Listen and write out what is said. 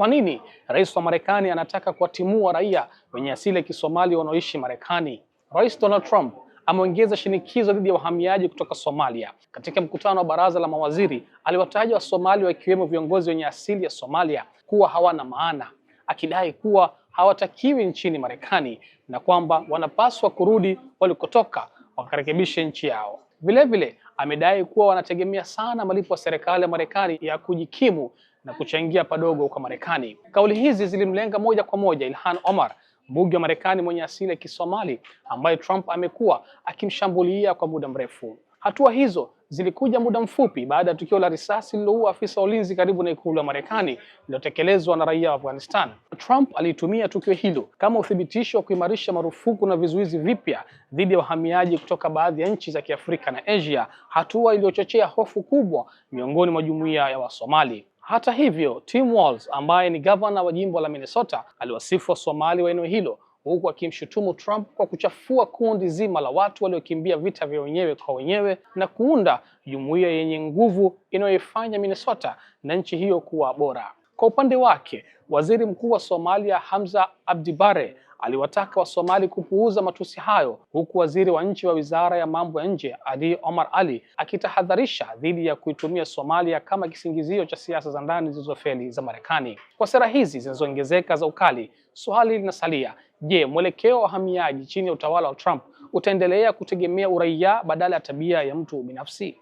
Kwa nini rais wa Marekani anataka kuwatimua raia wenye asili ya Kisomali wanaoishi Marekani? Rais Donald Trump ameongeza shinikizo dhidi ya wahamiaji kutoka Somalia. Katika mkutano wa baraza la mawaziri, aliwataja Wasomali wakiwemo viongozi wenye asili ya Somalia kuwa hawana maana, akidai kuwa hawatakiwi nchini Marekani na kwamba wanapaswa kurudi walikotoka wakarekebishe nchi yao. Vilevile amedai kuwa wanategemea sana malipo ya serikali ya Marekani ya kujikimu na kuchangia padogo kwa Marekani. Kauli hizi zilimlenga moja kwa moja Ilhan Omar, mbunge wa Marekani mwenye asili ya Kisomali ambaye Trump amekuwa akimshambulia kwa muda mrefu. Hatua hizo zilikuja muda mfupi baada ya tukio la risasi lililoua afisa wa ulinzi karibu na ikulu ya Marekani lililotekelezwa na raia wa Afghanistan. Trump alitumia tukio hilo kama uthibitisho wa kuimarisha marufuku na vizuizi vipya dhidi ya wahamiaji kutoka baadhi ya nchi za Kiafrika na Asia, hatua iliyochochea hofu kubwa miongoni mwa jumuiya ya Wasomali. Hata hivyo, Tim Walz ambaye ni gavana wa jimbo la Minnesota aliwasifu somali wa eneo hilo huku akimshutumu Trump kwa kuchafua kundi zima la watu waliokimbia vita vya wenyewe kwa wenyewe na kuunda jumuiya yenye nguvu inayoifanya Minnesota na nchi hiyo kuwa bora. Kwa upande wake, Waziri Mkuu wa Somalia Hamza Abdi Bare aliwataka Wasomali kupuuza matusi hayo, huku waziri wa nchi wa wizara ya mambo ya nje Ali Omar Ali akitahadharisha dhidi ya kuitumia Somalia kama kisingizio cha siasa za ndani zilizofeli za Marekani. Kwa sera hizi zinazoongezeka za ukali, swali linasalia: je, mwelekeo wa wahamiaji chini ya utawala wa Trump utaendelea kutegemea uraia badala ya tabia ya mtu binafsi?